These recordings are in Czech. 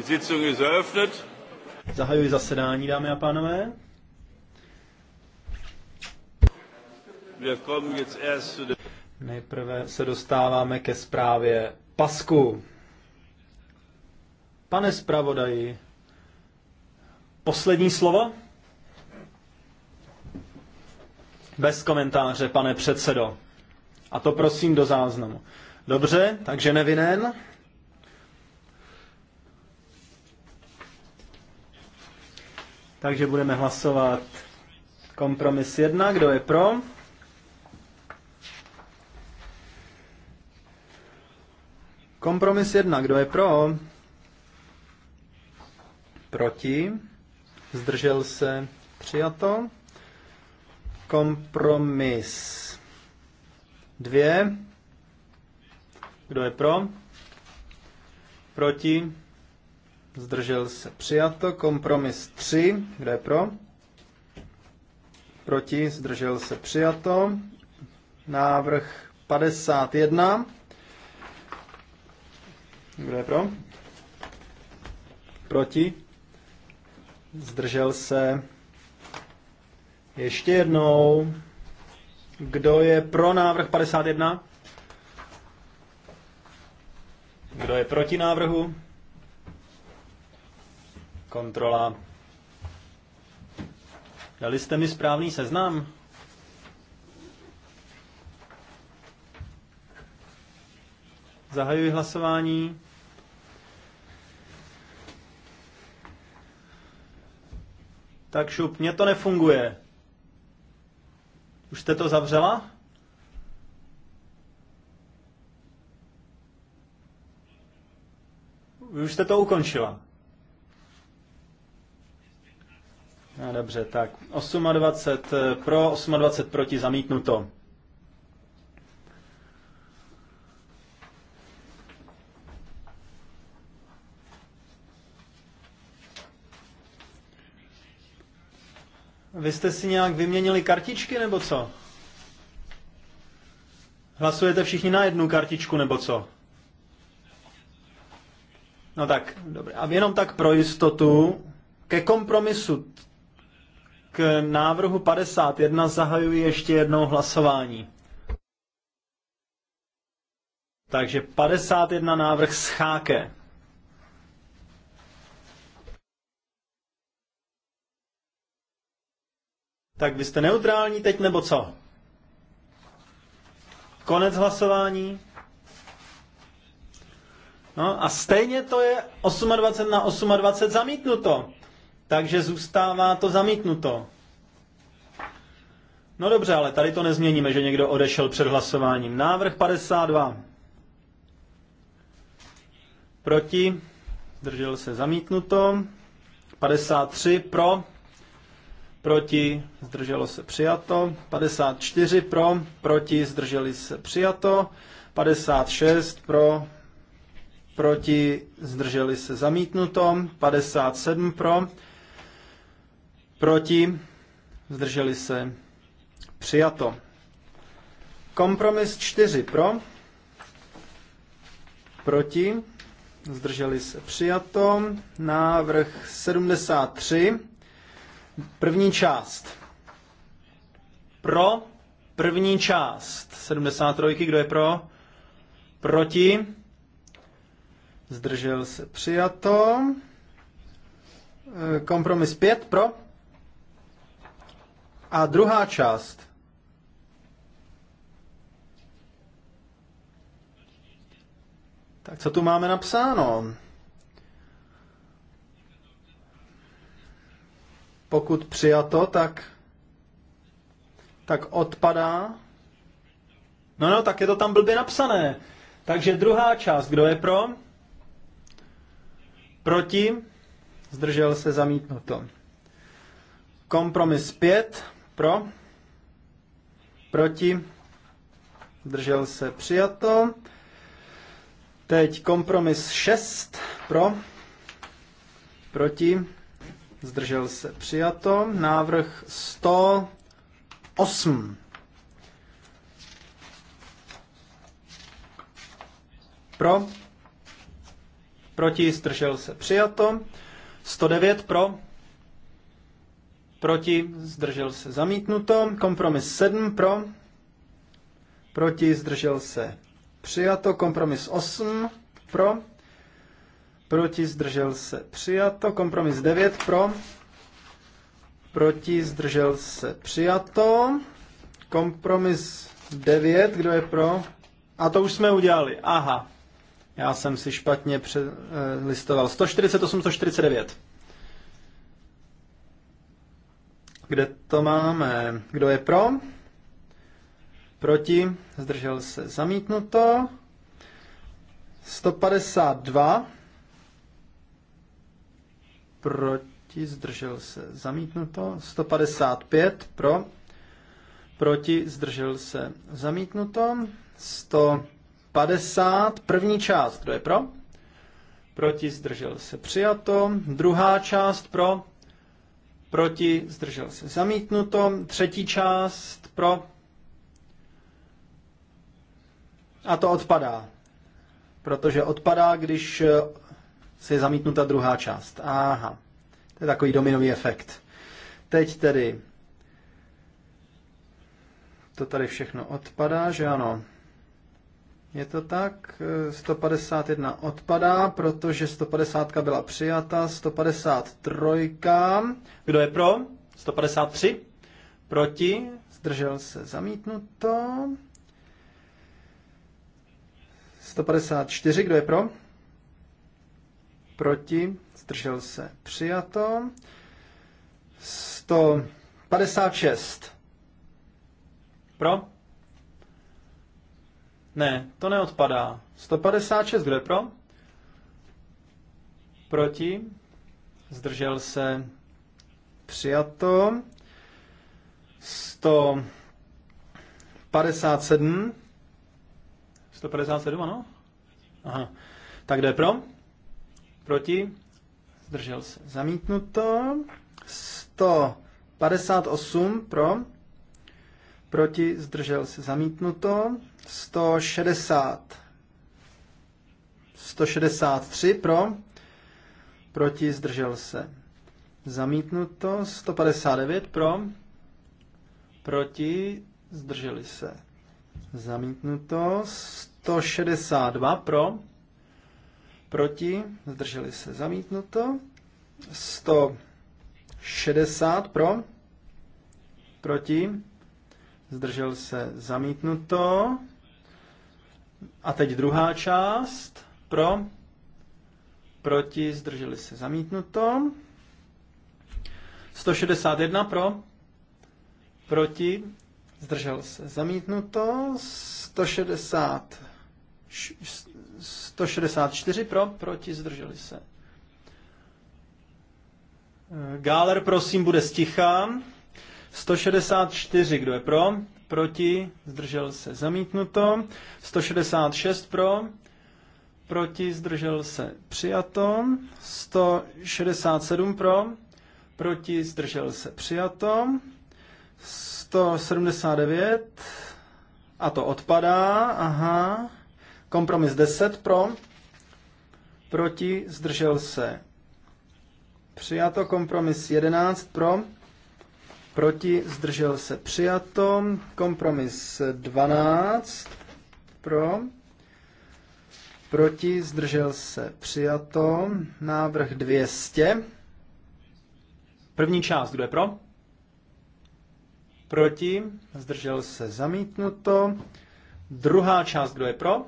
Die Sitzung ist eröffnet. Zahajuji zasedání, dámy a pánové. Nejprve se dostáváme ke zprávě Pasku. Pane zpravodaji, poslední slovo? Bez komentáře, pane předsedo. A to prosím do záznamu. Dobře, takže nevinen. Takže budeme hlasovat kompromis 1. Kdo je pro? Kompromis 1. Kdo je pro? Proti? Zdržel se? Přijato. Kompromis 2. Kdo je pro? Proti? Zdržel se přijato. Kompromis 3. Kdo je pro? Proti. Zdržel se přijato. Návrh 51. Kdo je pro? Proti. Zdržel se. Ještě jednou. Kdo je pro návrh 51? Kdo je proti návrhu? Kontrola. Dali jste mi správný seznam? Zahajuji hlasování. Tak šup, mně to nefunguje. Už jste to zavřela? už jste to ukončila. No dobře, tak 28 eh, pro, 28 proti, zamítnuto. Vy jste si nějak vyměnili kartičky, nebo co? Hlasujete všichni na jednu kartičku, nebo co? No tak, dobře. A jenom tak pro jistotu, ke kompromisu k návrhu 51 zahajuji ještě jednou hlasování. Takže 51 návrh scháke. Tak vy jste neutrální teď nebo co? Konec hlasování. No a stejně to je 28 na 28 zamítnuto. Takže zůstává to zamítnuto. No dobře, ale tady to nezměníme, že někdo odešel před hlasováním. Návrh 52. Proti. Držel se zamítnuto. 53 pro. Proti. Zdrželo se přijato. 54 pro. Proti. Zdrželi se přijato. 56 pro. Proti. Zdrželi se zamítnuto. 57 pro Proti? Zdrželi se? Přijato. Kompromis 4 pro. Proti? Zdrželi se? Přijato. Návrh 73. První část. Pro první část 73. Kdo je pro? Proti? Zdržel se přijato. Kompromis 5 pro? A druhá část. Tak co tu máme napsáno? Pokud přijato, tak, tak odpadá. No no, tak je to tam blbě napsané. Takže druhá část, kdo je pro? Proti? Zdržel se zamítnuto. Kompromis 5. Pro? Proti? Zdržel se přijato. Teď kompromis 6. Pro? Proti? Zdržel se přijato. Návrh 108. Pro? Proti? Zdržel se přijato. 109 pro? proti, zdržel se zamítnuto, kompromis 7 pro, proti, zdržel se přijato, kompromis 8 pro, proti, zdržel se přijato, kompromis 9 pro, proti, zdržel se přijato, kompromis 9, kdo je pro? A to už jsme udělali, aha. Já jsem si špatně eh, listoval. 148, 149. Kde to máme? Kdo je pro? Proti? Zdržel se zamítnuto. 152. Proti? Zdržel se zamítnuto. 155. Pro? Proti? Zdržel se zamítnuto. 150. První část. Kdo je pro? Proti? Zdržel se přijato. Druhá část pro? proti, zdržel se zamítnuto. Třetí část pro. A to odpadá, protože odpadá, když eh, se je zamítnuta druhá část. Aha, to je takový dominový efekt. Teď tedy to tady všechno odpadá, že ano. Je to tak, 151 eh, odpadá, protože 150 byla přijata, 153, kdo je pro? 153, proti, zdržel se zamítnuto. 154, kdo je pro? Proti, zdržel se přijato. 156, pro? Ne, to neodpadá. 156, kde pro? Proti? Zdržel se. Přijato. 157. 157, ano? Aha. Tak kde pro? Proti? Zdržel se. Zamítnuto. 158 pro proti, zdržel se zamítnuto, 160, 163 pro, proti, zdržel se zamítnuto, 159 pro, proti, zdrželi se zamítnuto, 162 pro, proti, zdrželi se zamítnuto, 160 pro, proti, zdržel se, zamítnuto. A teď druhá část, pro, proti, zdrželi se, zamítnuto. 161 pro, proti, zdržel se, zamítnuto. 160, 164 pro, proti, zdrželi se. Gáler, prosím, bude stichán. 164, kdo je pro? Proti, zdržel se, zamítnuto. 166 pro, proti, zdržel se, přijato. 167 pro, proti, zdržel se, přijato. 179, a to odpadá, aha. Kompromis 10 pro, proti, zdržel se, přijato. Kompromis 11 pro, proti, zdržel se přijato. Kompromis 12 pro, proti, zdržel se přijato. Návrh 200. První část, kdo je pro? Proti, zdržel se zamítnuto. Druhá část, kdo je pro?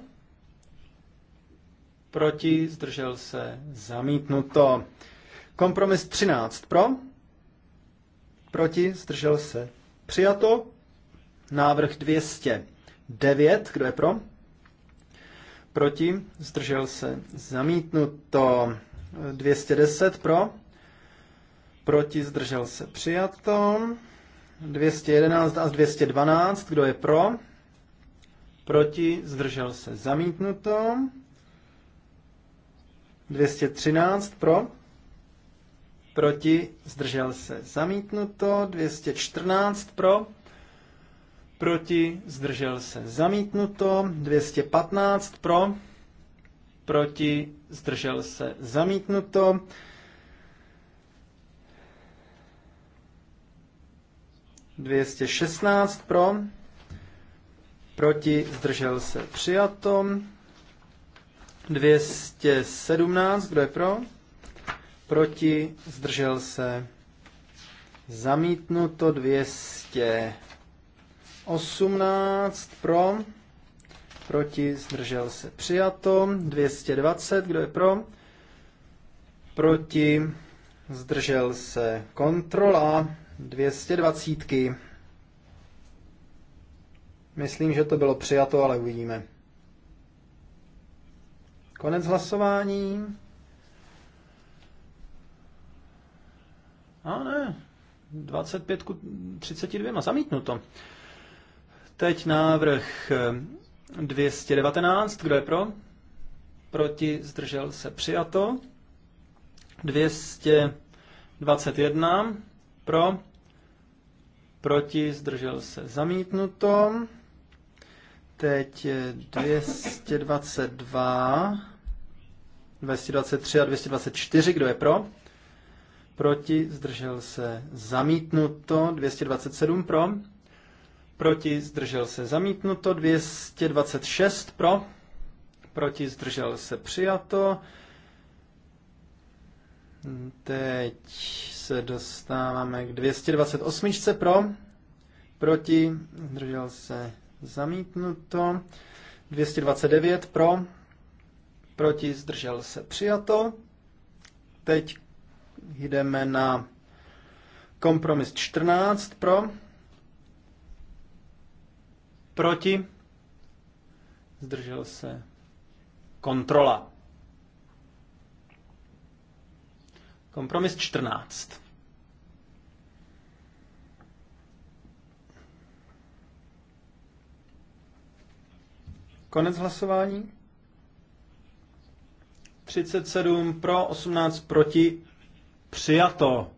Proti, zdržel se zamítnuto. Kompromis 13 pro? Proti? Zdržel se. Přijato. Návrh 209. Kdo je pro? Proti? Zdržel se. Zamítnuto. 210 pro. Proti? Zdržel se. Přijato. 211 a 212. Kdo je pro? Proti? Zdržel se. Zamítnuto. 213 pro proti, zdržel se zamítnuto, 214 pro, proti, zdržel se zamítnuto, 215 pro, proti, zdržel se zamítnuto, 216 pro, proti, zdržel se přijato, 217, kdo je pro? proti, zdržel se. Zamítnuto 218 pro, proti, zdržel se. Přijato 220, kdo je pro, proti, zdržel se. Kontrola 220. Myslím, že to bylo přijato, ale uvidíme. Konec hlasování. A ne, 25 ku 32, zamítnuto. Teď návrh 219, eh, kdo je pro? Proti, zdržel se, přijato. 221, pro? Proti, zdržel se, zamítnuto. Teď 222, eh, 223 a 224, kdo je pro? proti, zdržel se zamítnuto, 227 pro, proti, zdržel se zamítnuto, 226 pro, proti, zdržel se přijato. Teď se dostáváme k 228 pro, proti, zdržel se zamítnuto, 229 pro, proti, zdržel se přijato. Teď Jdeme na kompromis 14 pro, proti, zdržel se kontrola. Kompromis 14. Konec hlasování. 37 pro, 18 proti, Přijato.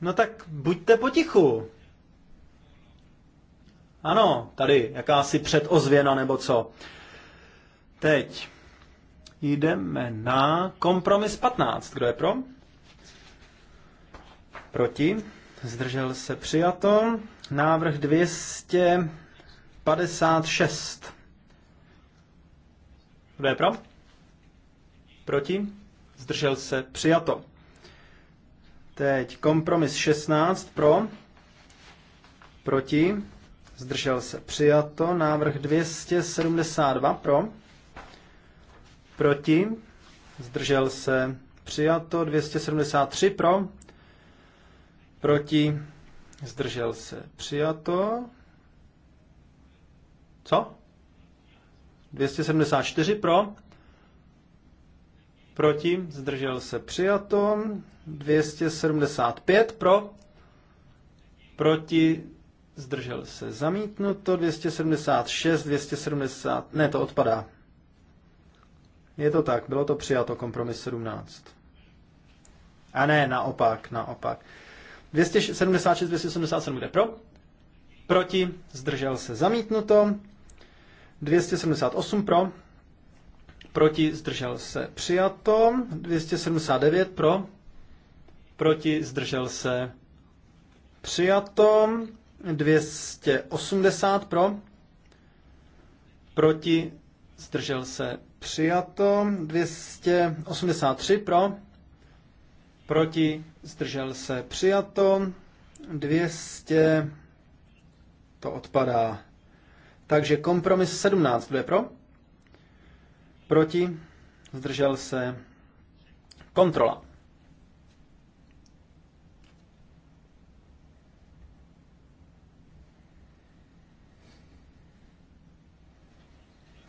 No tak buďte potichu. Ano, tady jakási předozvěna nebo co. Teď jdeme na kompromis 15. Kdo je pro? Proti? Zdržel se přijato. Návrh 256. Kdo je pro? Proti? zdržel se, přijato. Teď kompromis 16 pro, proti, zdržel se, přijato. Návrh 272 pro, proti, zdržel se, přijato. 273 pro, proti, zdržel se, přijato. Co? 274 pro, proti, zdržel se přijato, 275 pro, proti, zdržel se zamítnuto, 276, 270, ne, to odpadá. Je to tak, bylo to přijato, kompromis 17. A ne, naopak, naopak. 276, 277 bude pro, proti, zdržel se zamítnuto, 278 pro, proti, zdržel se. Přijato 279 pro, proti, zdržel se. Přijato 280 pro, proti, zdržel se. Přijato 283 pro, proti, zdržel se. Přijato 200, to odpadá. Takže kompromis 17, kdo je pro? Proti? Zdržel se? Kontrola.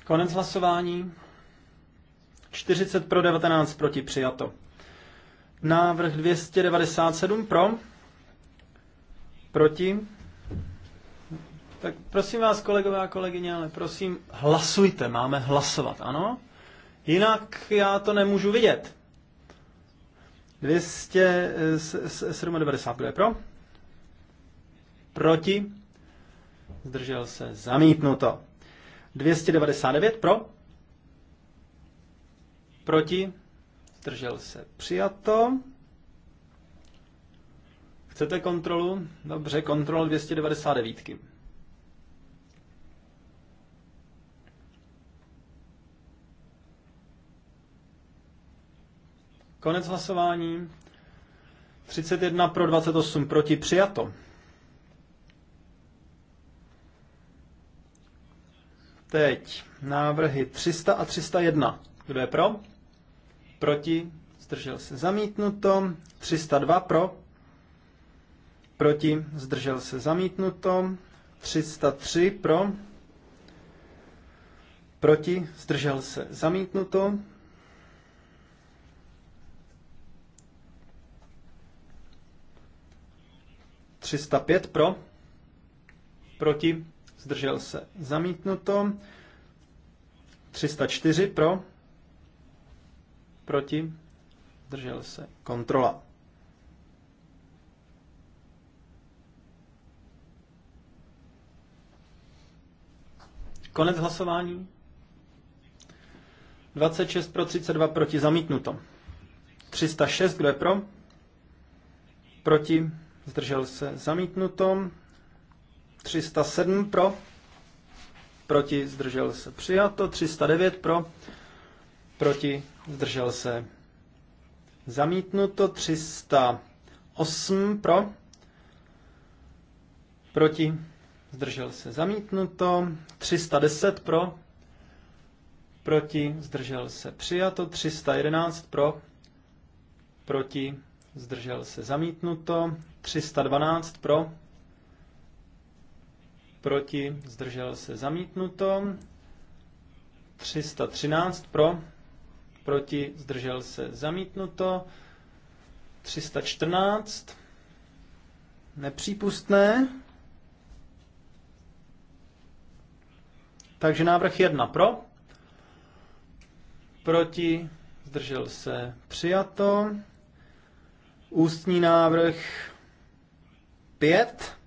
Konec hlasování. 40 pro 19 proti přijato. Návrh 297 pro. Proti. Tak prosím vás, kolegové a kolegyně, ale prosím, hlasujte, máme hlasovat, ano? Jinak já to nemůžu vidět. 297, kdo je pro? Proti? Zdržel se. Zamítnuto. 299 pro? Proti? Zdržel se. Přijato. Chcete kontrolu? Dobře, kontrol 299. Konec hlasování. 31 pro 28 proti přijato. Teď návrhy 300 a 301. Kdo je pro? Proti? Zdržel se zamítnuto. 302 pro? Proti? Zdržel se zamítnuto. 303 pro? Proti? Zdržel se zamítnuto. 305 pro, proti, zdržel se zamítnuto, 304 pro, proti, zdržel se kontrola. Konec hlasování. 26 pro 32 proti zamítnuto. 306, kdo je pro? Proti zdržel se zamítnuto, 307 pro, proti zdržel se přijato, 309 pro, proti zdržel se zamítnuto, 308 pro, proti zdržel se zamítnuto, 310 pro, proti zdržel se přijato, 311 pro, proti zdržel se zamítnuto, 312 pro, proti, zdržel se zamítnuto, 313 pro, proti, zdržel se zamítnuto, 314 nepřípustné, takže návrh 1 pro, proti, zdržel se přijato, Ústní návrh 5.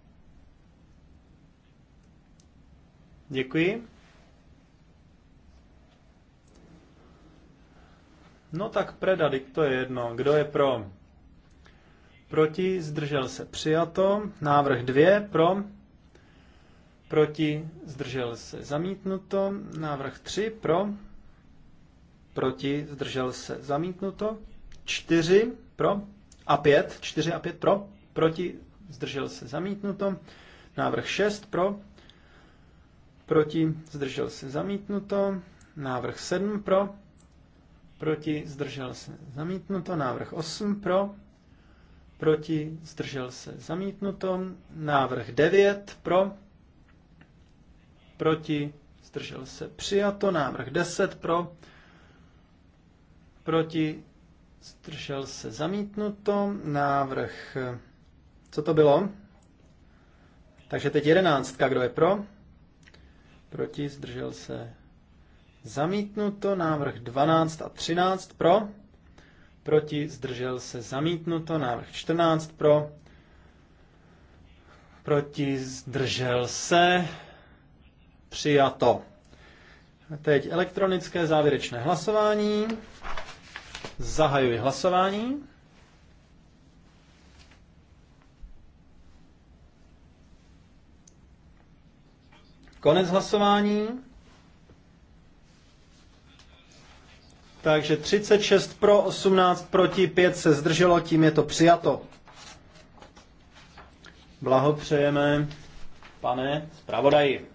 Děkuji. No tak predadik, to je jedno. Kdo je pro? Proti, zdržel se, přijato. Návrh 2, pro. Proti, zdržel se, zamítnuto. Návrh 3, pro. Proti, zdržel se, zamítnuto. 4, pro a 5, 4 a 5 pro, proti, zdržel se zamítnuto. Návrh 6 pro, proti, zdržel se zamítnuto. Návrh 7 pro, proti, zdržel se zamítnuto. Návrh 8 pro, proti, zdržel se zamítnuto. Návrh 9 pro, proti, zdržel se přijato. Návrh 10 pro, proti, Zdržel se zamítnuto. Návrh. Co to bylo? Takže teď jedenáctka. Kdo je pro? Proti. Zdržel se zamítnuto. Návrh 12 a 13 pro. Proti. Zdržel se zamítnuto. Návrh 14 pro. Proti. Zdržel se. Přijato. Teď elektronické závěrečné hlasování. Zahajuji hlasování. Konec hlasování. Takže 36 pro, 18 proti, 5 se zdrželo, tím je to přijato. Blahopřejeme, pane zpravodaji.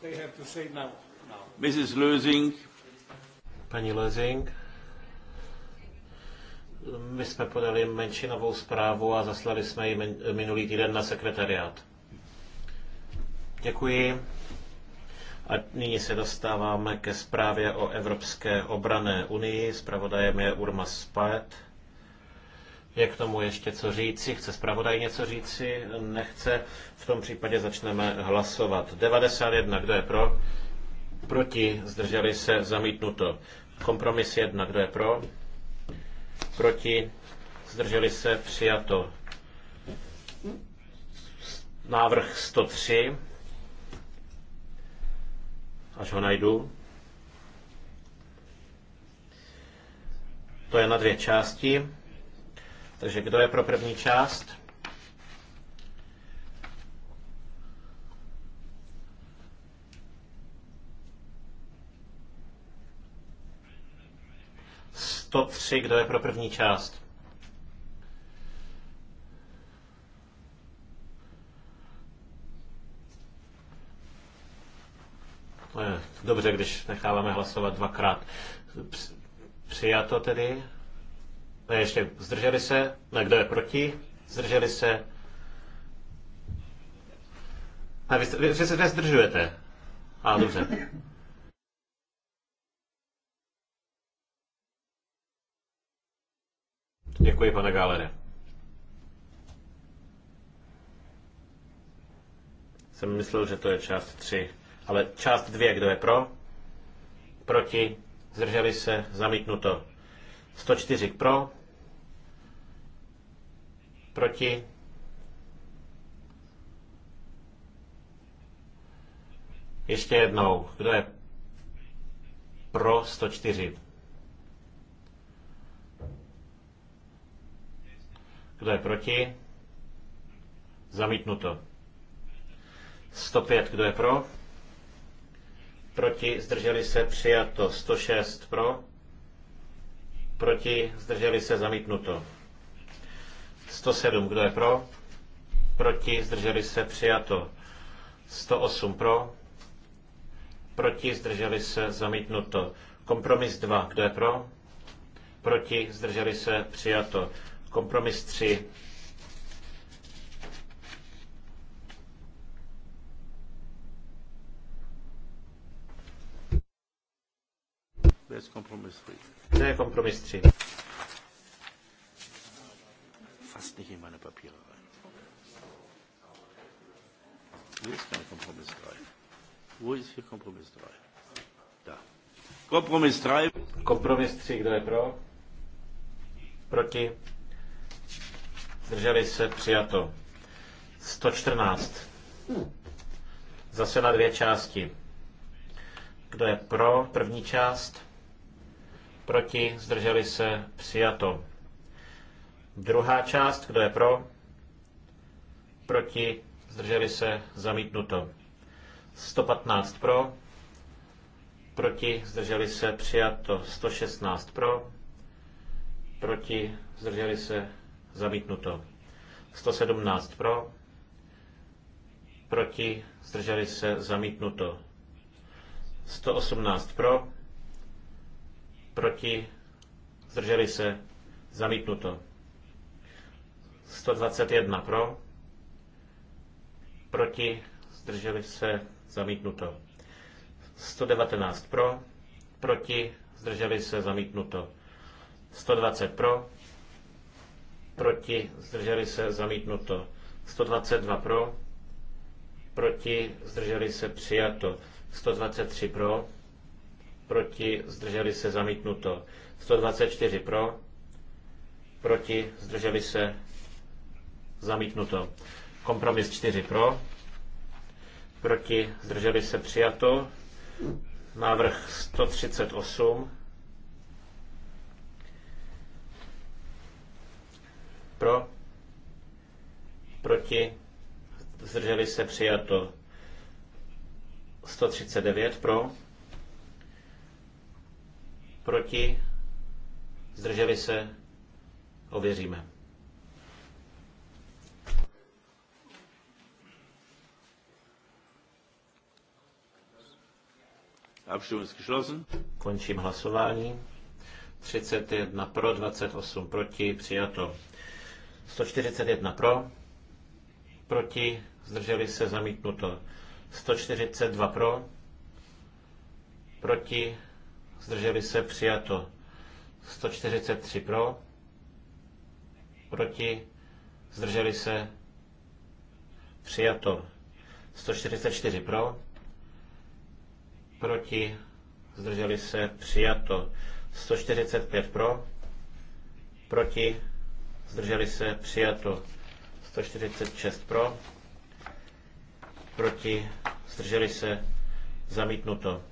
They have to say now. Mrs. Lösing. Paní Lösing. My jsme podali menšinovou zprávu a zaslali jsme ji minulý týden na sekretariát. Děkuji. A nyní se dostáváme ke zprávě o Evropské obrané unii. Zpravodajem je Urma Spad. Je k tomu ještě co říci? Chce zpravodaj něco říci? Nechce. V tom případě začneme hlasovat. 91. Kdo je pro? Proti, zdrželi se, zamítnuto. Kompromis 1, kdo je pro? Proti, zdrželi se, přijato. Návrh 103, až ho najdu. To je na dvě části. Takže kdo je pro první část? 103, kdo je pro první část? To je dobře, když necháváme hlasovat dvakrát. Přijato tedy? Ne, ještě zdrželi se? Ne, kdo je proti? Zdrželi se? Ne, vy, vy, vy se nezdržujete. A dobře. Děkuji, pane Gálere. Jsem myslel, že to je část 3, ale část 2, kdo je pro? Proti? Zdrželi se? Zamítnuto. 104 pro? Proti? Ještě jednou, kdo je pro 104? Kdo je proti? Zamítnuto. 105. Kdo je pro? Proti zdrželi se přijato. 106 pro. Proti zdrželi se zamítnuto. 107. Kdo je pro? Proti zdrželi se přijato. 108 pro. Proti zdrželi se zamítnuto. Kompromis 2. Kdo je pro? Proti zdrželi se přijato. Kompromis 3. kompromis To je kompromis 3. Fast nicht in meine Papiere rein. Wo ist mein Kompromiss 3? Wo ist hier Kompromiss 3? Da. Kompromiss 3. Kompromis 3, kdo je pro? Proti? Zdrželi se přijato. 114. Zase na dvě části. Kdo je pro první část? Proti? Zdrželi se? Přijato. Druhá část. Kdo je pro? Proti? Zdrželi se? Zamítnuto. 115 pro. Proti? Zdrželi se? Přijato. 116 pro. Proti? Zdrželi se? Zamítnuto. 117 pro. Proti. Zdrželi se. Zamítnuto. 118 pro. Proti. Zdrželi se. Zamítnuto. 121 pro. Proti. Zdrželi se. Zamítnuto. 119 pro. Proti. Zdrželi se. Zamítnuto. 120 pro proti, zdrželi se, zamítnuto. 122 pro, proti, zdrželi se, přijato. 123 pro, proti, zdrželi se, zamítnuto. 124 pro, proti, zdrželi se, zamítnuto. Kompromis 4 pro, proti, zdrželi se, přijato. Návrh 138 Pro? Proti? Zdrželi se přijato. 139 pro? Proti? Zdrželi se? Ověříme. Končím hlasování. 31 pro, 28 proti, přijato. 141 pro, proti, zdrželi se zamítnuto. 142 pro, proti, zdrželi se přijato. 143 pro, proti, zdrželi se přijato. 144 pro, proti, zdrželi se přijato. 145 pro, proti, zdrželi se, přijato 146 pro, proti, zdrželi se, zamítnuto.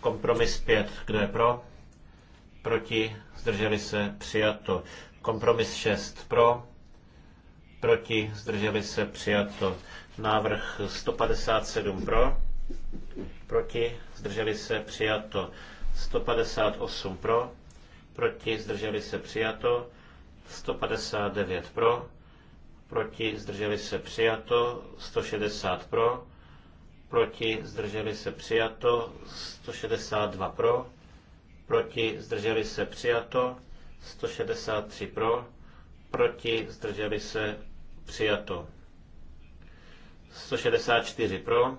Kompromis 5, kdo je pro, proti, zdrželi se, přijato. Kompromis 6 pro, proti, zdrželi se, přijato. Návrh 157 pro, proti, zdrželi se, přijato. 158 pro, proti, zdrželi se, přijato. 159 pro, proti zdrželi se přijato, 160 pro, proti zdrželi se přijato, 162 pro, proti zdrželi se přijato, 163 pro, proti zdrželi se přijato. 164 pro,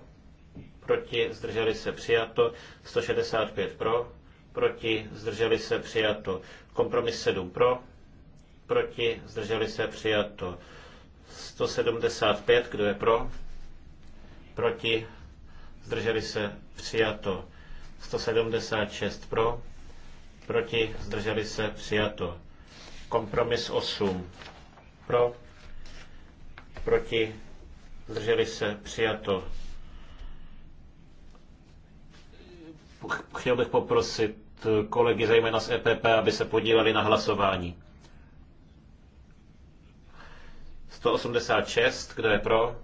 proti zdrželi se přijato, 165 pro, proti zdrželi se přijato. Kompromis 7 pro, proti, zdrželi se, přijato. 175, kdo je pro, proti, zdrželi se, přijato. 176 pro, proti, zdrželi se, přijato. Kompromis 8 pro, proti, zdrželi se, přijato. Chtěl bych poprosit kolegy, zejména z EPP, aby se podívali na hlasování. 186, kdo je pro?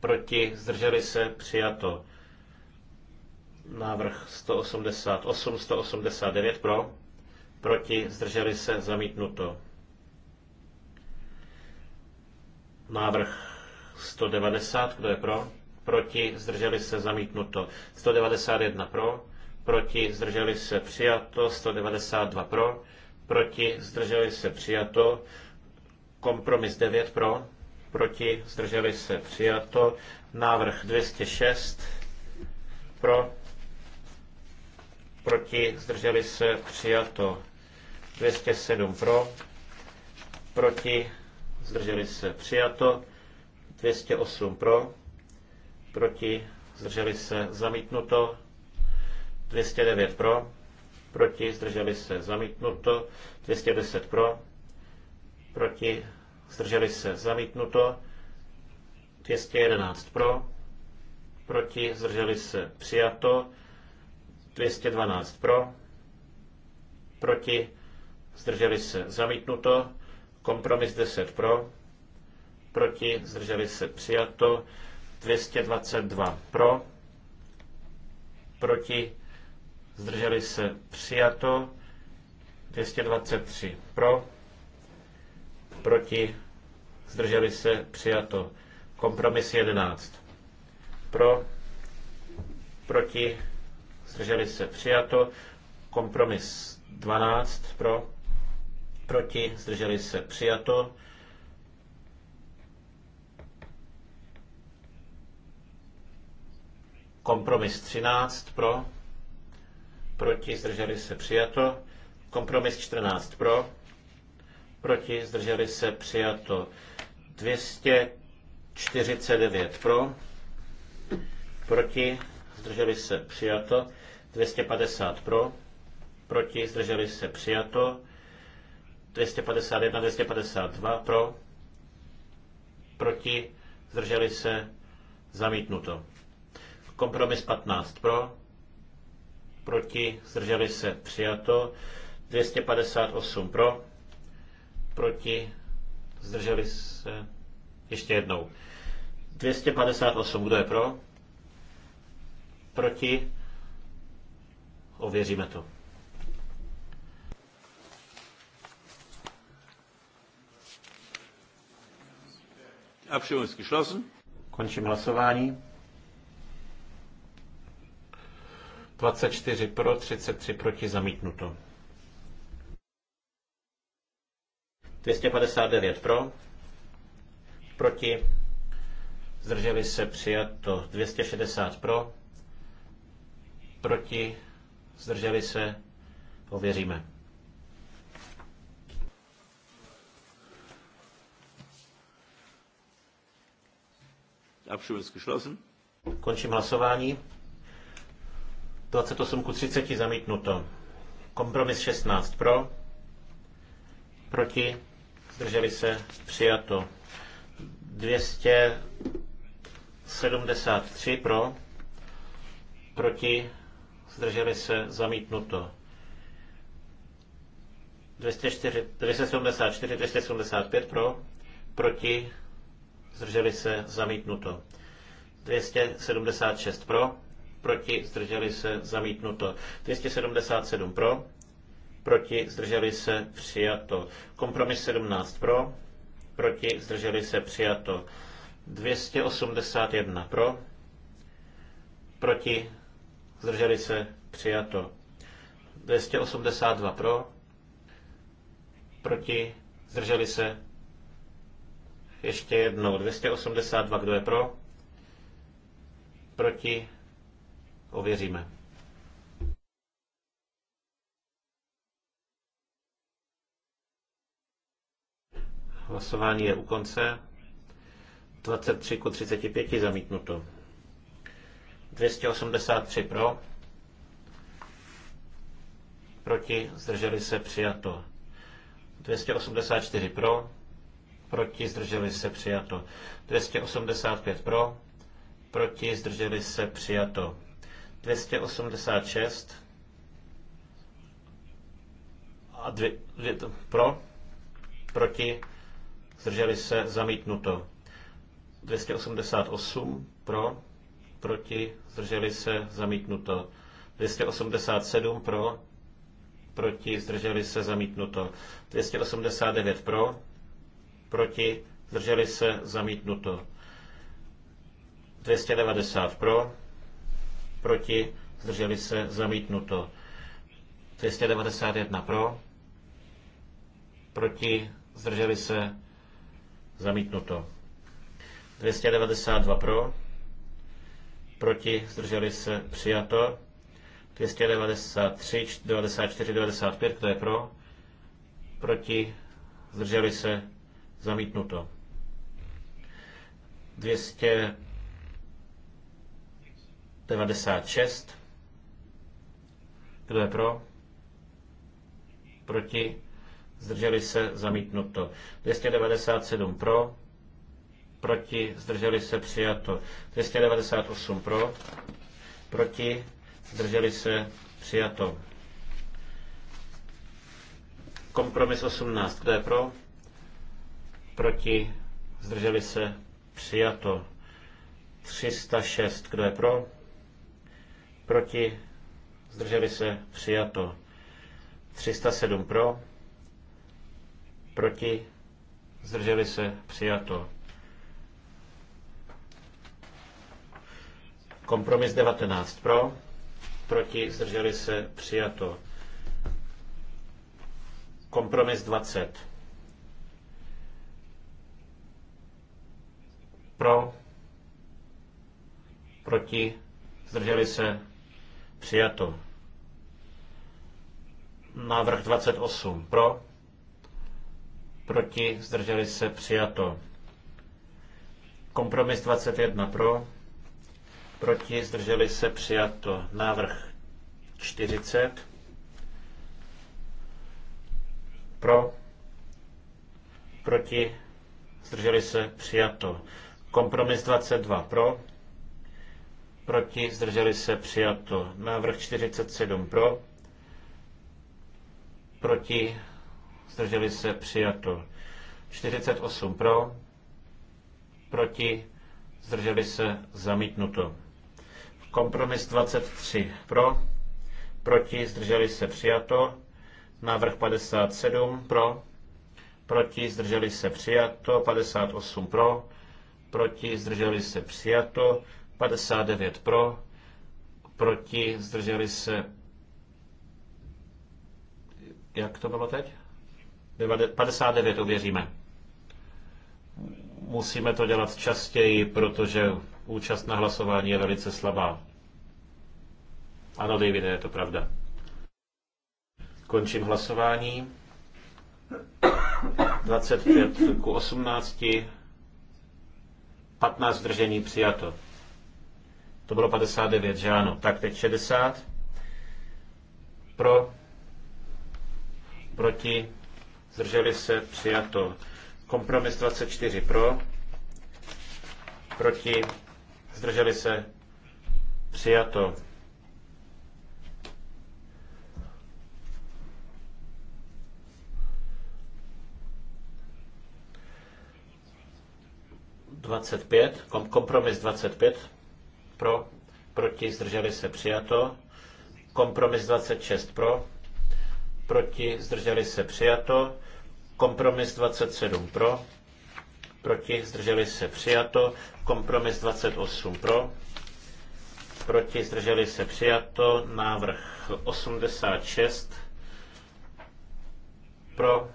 Proti, zdrželi se, přijato. Návrh 188, 189 pro, proti, zdrželi se, zamítnuto. Návrh 190, kdo je pro? Proti, zdrželi se, zamítnuto. 191 pro, proti, zdrželi se, přijato. 192 pro, proti, zdrželi se, přijato. Kompromis 9 pro, proti, zdrželi se, přijato. Návrh 206 pro, proti, zdrželi se, přijato. 207 pro, proti, zdrželi se, přijato. 208 pro, proti, zdrželi se, zamítnuto. 209 pro, proti, zdrželi se, zamítnuto. 210 pro, proti, zdrželi se, zamítnuto. 211 pro, proti, zdrželi se, přijato. 212 pro, proti, zdrželi se, zamítnuto. Kompromis 10 pro, proti, zdrželi se, přijato. 222 pro, proti, zdrželi se, přijato. 223 pro, proti, zdrželi se, přijato. Kompromis 11. Pro, proti, zdrželi se, přijato. Kompromis 12. Pro, proti, zdrželi se, přijato. Kompromis 13 pro, proti, zdrželi se, přijato. Kompromis 14 pro, proti, zdrželi se, přijato. 249 pro, proti, zdrželi se, přijato. 250 pro, proti, zdrželi se, přijato. 251, 252 pro, proti, zdrželi se, zamítnuto. Kompromis 15 pro, proti, zdrželi se, přijato. 258 pro, proti, zdrželi se, ještě jednou. 258, kdo je pro, proti, ověříme to. Končím hlasování. 24 pro, 33 proti zamítnuto. 259 pro, proti, zdrželi se přijato 260 pro, proti, zdrželi se, ověříme. Končím hlasování. 28 ku 30 zamítnuto. Kompromis 16 pro, proti, zdrželi se, přijato. 273 pro, proti, zdrželi se, zamítnuto. 274, 275 pro, proti, zdrželi se, zamítnuto. 276 pro, proti, zdrželi se, zamítnuto. 277 pro, proti, zdrželi se, přijato. Kompromis 17 pro, proti, zdrželi se, přijato. 281 pro, proti, zdrželi se, přijato. 282 pro, proti, zdrželi se, ještě jednou, 282, kdo je pro, proti, ověříme. Hlasování je u konce. 23 ku 35 zamítnuto. 283 pro. Proti zdrželi se přijato. 284 pro. Proti zdrželi se přijato. 285 pro. Proti zdrželi se přijato. 286 a dvě, dvě, pro, proti, zdrželi se, zamítnuto. 288 pro, proti, zdrželi se, zamítnuto. 287 pro, proti, zdrželi se, zamítnuto. 289 pro, proti, zdrželi se, zamítnuto. 290 pro, proti, zdrželi se, zamítnuto. 291 pro, proti, zdrželi se, Zamítnuto. 292 pro. Proti. Zdrželi se. Přijato. 293, 94, 95. Kdo je pro? Proti. Zdrželi se. Zamítnuto. 296. Kdo je pro? Proti? zdrželi se, zamítnuto. 297 pro, proti, zdrželi se, přijato. 298 pro, proti, zdrželi se, přijato. Kompromis 18, kdo je pro? Proti, zdrželi se, přijato. 306, kdo je pro? Proti, zdrželi se, přijato. 307 pro, proti, zdrželi se, přijato. Kompromis 19 pro, proti, zdrželi se, přijato. Kompromis 20 pro, proti, zdrželi se, přijato. Návrh 28 pro, proti, zdrželi se, přijato. Kompromis 21 pro, proti, zdrželi se, přijato. Návrh 40 pro, proti, zdrželi se, přijato. Kompromis 22 pro, proti, zdrželi se, přijato. Návrh 47 pro, proti, zdrželi se přijato. 48 pro, proti, zdrželi se zamítnuto. Kompromis 23 pro, proti, zdrželi se přijato. Návrh 57 pro, proti, zdrželi se přijato. 58 pro, proti, zdrželi se přijato. 59 pro, proti, zdrželi se. Jak to bylo teď? 59 ověříme. Musíme to dělat častěji, protože účast na hlasování je velice slabá. Ano, Davide, je to pravda. Končím hlasování. 25 k 18, 15 zdržení přijato. To bylo 59, že ano. Tak teď 60. Pro, proti, zdrželi se, přijato. Kompromis 24 pro, proti, zdrželi se, přijato. Dvacet kompromis 25 pro, proti, zdrželi se, přijato. Kompromis 26 pro, proti, zdrželi se přijato. Kompromis 27 pro, proti, zdrželi se přijato. Kompromis 28 pro, proti, zdrželi se přijato. Návrh 86 pro,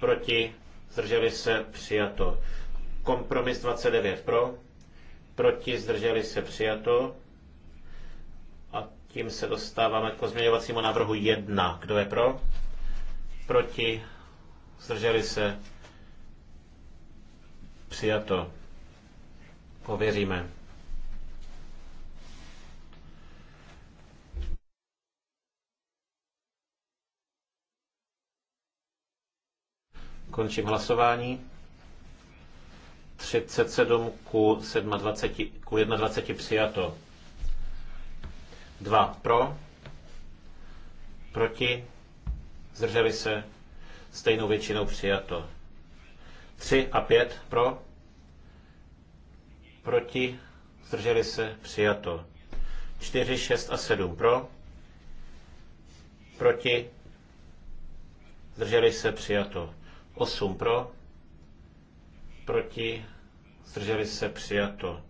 proti, zdrželi se přijato. Kompromis 29 pro, proti, zdrželi se přijato. Tím se dostáváme k pozměňovacímu návrhu 1. Kdo je pro? Proti? Zdrželi se? Přijato. Pověříme. Končím hlasování. 37 ku 27 ku 21 přijato. 2 pro, proti, zdrželi se, stejnou většinou přijato. 3 a 5 pro, proti, zdrželi se, přijato. 4, 6 a 7 pro, proti, zdrželi se, přijato. 8 pro, proti, zdrželi se, přijato.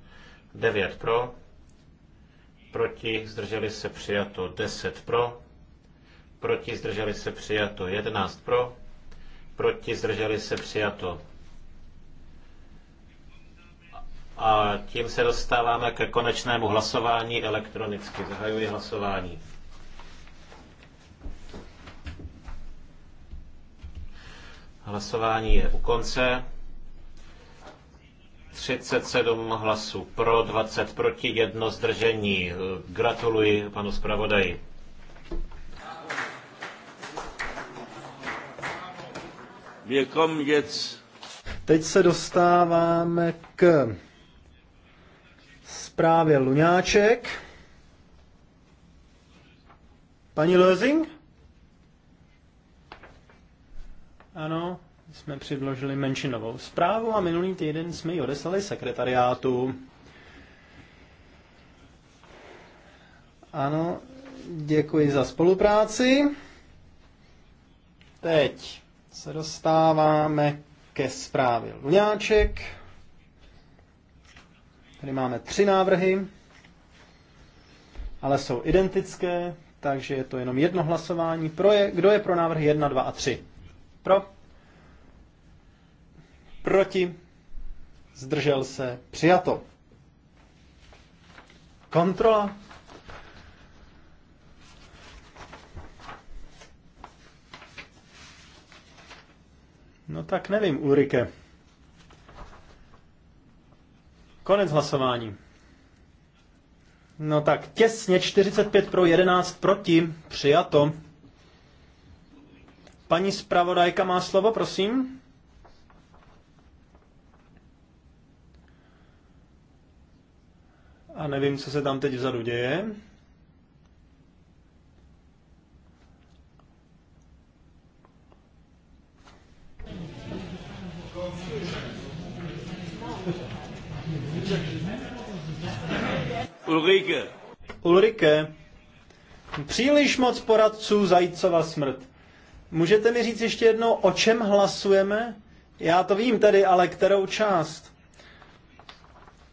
9 pro, proti, zdrželi se přijato 10 pro, proti, zdrželi se přijato 11 pro, proti, zdrželi se přijato. A tím se dostáváme ke konečnému hlasování elektronicky. Zahajuji hlasování. Hlasování je u konce. 37 hlasů pro, 20 proti, jedno zdržení. Gratuluji panu zpravodaji. Teď se dostáváme k zprávě Luňáček. Paní Lözing? Ano jsme předložili menšinovou zprávu a minulý týden jsme ji odeslali sekretariátu. Ano, děkuji za spolupráci. Teď se dostáváme ke zprávě Luňáček. Tady máme tři návrhy, ale jsou identické, takže je to jenom jedno hlasování. Pro je, kdo je pro návrhy 1, 2 a 3? Pro? Proti? Zdržel se? Přijato. Kontrola? No tak nevím, Ulrike. Konec hlasování. No tak těsně 45 pro 11 proti. Přijato. Paní zpravodajka má slovo, prosím. a nevím, co se tam teď vzadu děje. Ulrike. Ulrike. Příliš moc poradců Zajícova smrt. Můžete mi říct ještě jednou, o čem hlasujeme? Já to vím tedy, ale kterou část?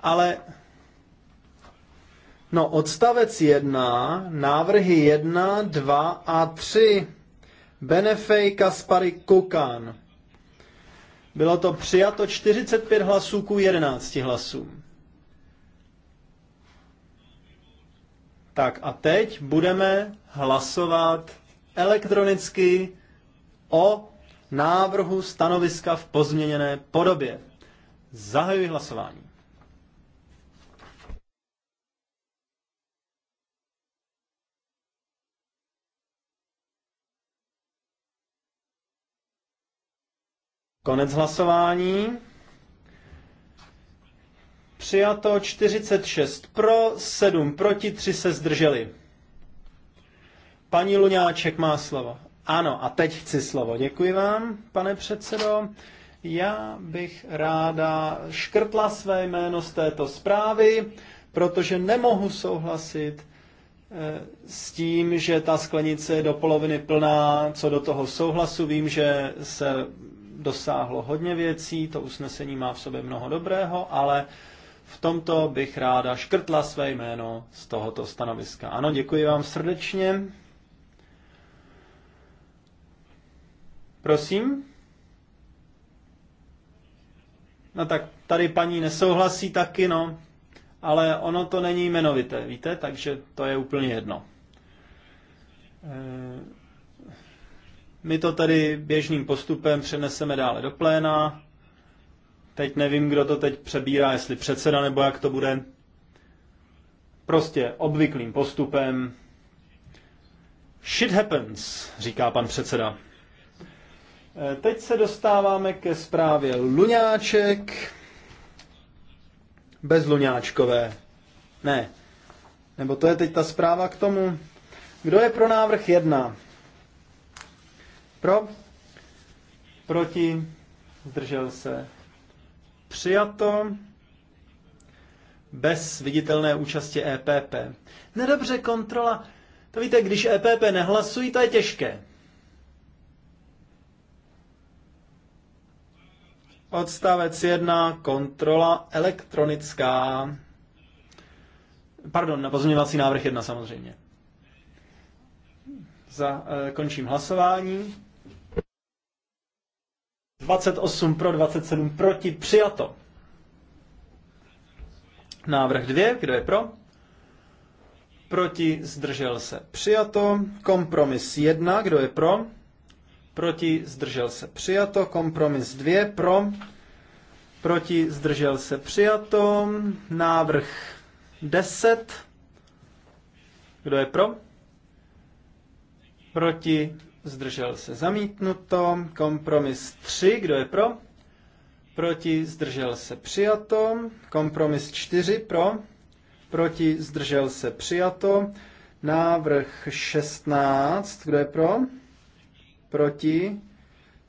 Ale No, odstavec 1, návrhy 1, 2 a 3. Benefej Kaspary Kukan. Bylo to přijato 45 hlasů ku 11 hlasům. Tak a teď budeme hlasovat elektronicky o návrhu stanoviska v pozměněné podobě. Zahajuji hlasování. Konec hlasování. Přijato 46 pro, 7 proti, 3 se zdrželi. Paní Luňáček má slovo. Ano, a teď chci slovo. Děkuji vám, pane předsedo. Já bych ráda škrtla své jméno z této zprávy, protože nemohu souhlasit eh, s tím, že ta sklenice je do poloviny plná, co do toho souhlasu. Vím, že se dosáhlo hodně věcí, to usnesení má v sobě mnoho dobrého, ale v tomto bych ráda škrtla své jméno z tohoto stanoviska. Ano, děkuji vám srdečně. Prosím? No tak tady paní nesouhlasí taky, no, ale ono to není jmenovité, víte, takže to je úplně jedno. Eh, my to tady běžným postupem přeneseme dále do pléna. Teď nevím, kdo to teď přebírá, jestli předseda nebo jak to bude. Prostě obvyklým postupem. Shit happens, říká pan předseda. E, teď se dostáváme ke zprávě Luňáček. Bez Luňáčkové. Ne. Nebo to je teď ta zpráva k tomu. Kdo je pro návrh jedna? Pro, proti, zdržel se přijato bez viditelné účasti EPP. Nedobře kontrola. To víte, když EPP nehlasují, to je těžké. Odstavec 1, kontrola elektronická. Pardon, na pozměňovací návrh 1 samozřejmě. Za, e, končím hlasování. 28 pro, 27 proti, přijato. Návrh 2, kdo je pro? Proti, zdržel se, přijato. Kompromis 1, kdo je pro? Proti, zdržel se, přijato. Kompromis 2, pro. Proti, zdržel se, přijato. Návrh 10, kdo je pro? Proti, zdržel se zamítnuto, kompromis 3, kdo je pro, proti, zdržel se přijato, kompromis 4 pro, proti, zdržel se přijato, návrh 16, kdo je pro, proti,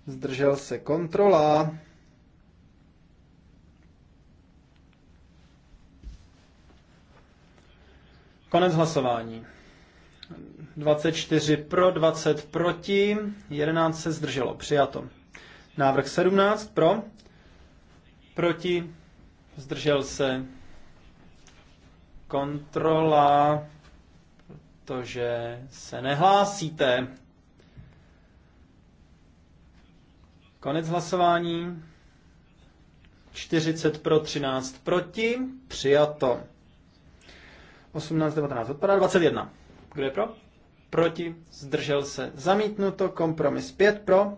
zdržel se kontrola. Konec hlasování. 24 pro, 20 proti, 11 se zdrželo, přijato. Návrh 17 pro, proti, zdržel se, kontrola, protože se nehlásíte. Konec hlasování. 40 pro, 13 proti, přijato. 18, 19 odpadá, 21. Kdo je pro? proti, zdržel se zamítnuto, kompromis 5 pro,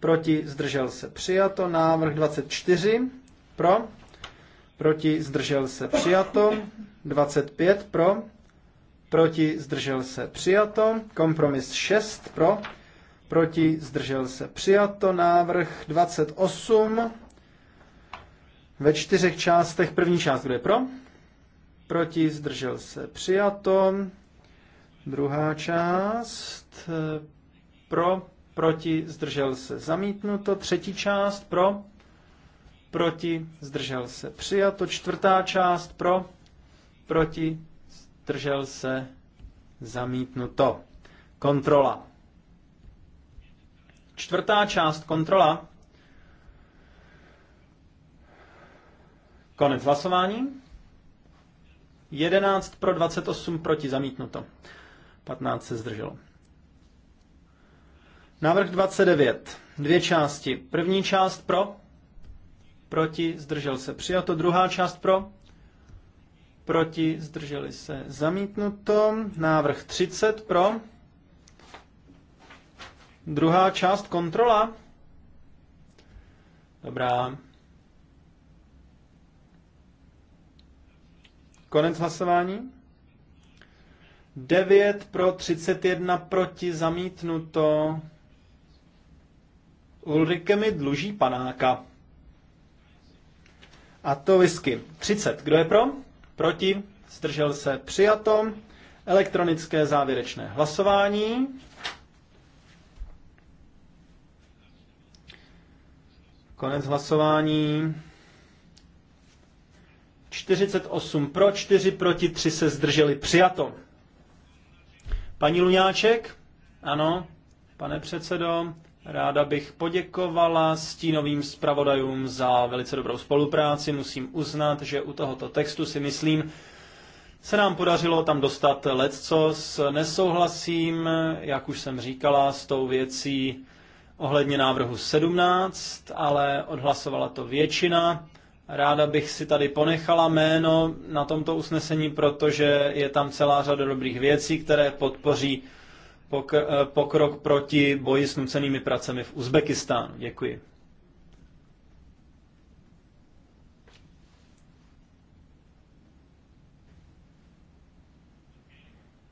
proti, zdržel se přijato, návrh 24 pro, proti, zdržel se přijato, 25 pro, proti, zdržel se přijato, kompromis 6 pro, proti, zdržel se přijato, návrh 28 ve čtyřech částech, první část, kdo je pro, proti, zdržel se přijato, Druhá část eh, pro, proti, zdržel se. Zamítnuto. Třetí část pro, proti, zdržel se. Přijato. Čtvrtá část pro, proti, zdržel se. Zamítnuto. Kontrola. Čtvrtá část kontrola. Konec hlasování. 11 pro 28 proti zamítnuto. 15 se zdrželo. Návrh 29. Dvě části. První část pro, proti, zdržel se přijato. Druhá část pro, proti, zdrželi se zamítnuto. Návrh 30 pro, druhá část kontrola. Dobrá. Konec hlasování. 9 pro 31 proti zamítnuto. Ulrike mi dluží panáka. A to whisky. 30. Kdo je pro? Proti? Zdržel se přijato. Elektronické závěrečné hlasování. Konec hlasování. 48 pro, 4 proti, 3 se zdrželi přijato. Paní Luňáček? Ano, pane předsedo, ráda bych poděkovala stínovým zpravodajům za velice dobrou spolupráci. Musím uznat, že u tohoto textu si myslím, se nám podařilo tam dostat lecco. S nesouhlasím, jak už jsem říkala, s tou věcí ohledně návrhu 17, ale odhlasovala to většina. Ráda bych si tady ponechala jméno na tomto usnesení, protože je tam celá řada dobrých věcí, které podpoří pokrok proti boji s nucenými pracemi v Uzbekistánu. Děkuji.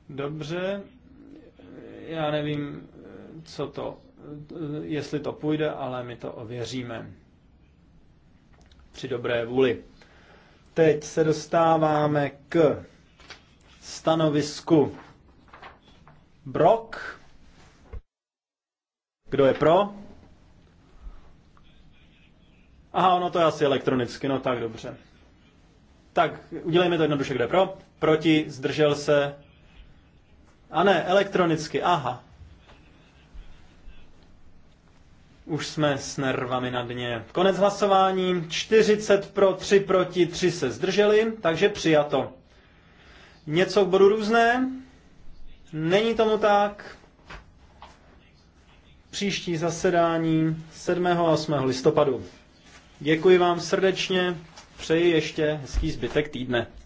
Dobře, já nevím, co to, jestli to půjde, ale my to ověříme při dobré vůli. Teď se dostáváme k stanovisku Brok. Kdo je pro? Aha, ono to je asi elektronicky, no tak dobře. Tak, udělejme to jednoduše, je pro. Proti, zdržel se. A ne, elektronicky, aha. Už jsme s nervami na dně. Konec hlasování. 40 pro, 3 proti, 3 se zdrželi, takže přijato. Něco k bodu různé? Není tomu tak. Příští zasedání 7. a 8. listopadu. Děkuji vám srdečně, přeji ještě hezký zbytek týdne.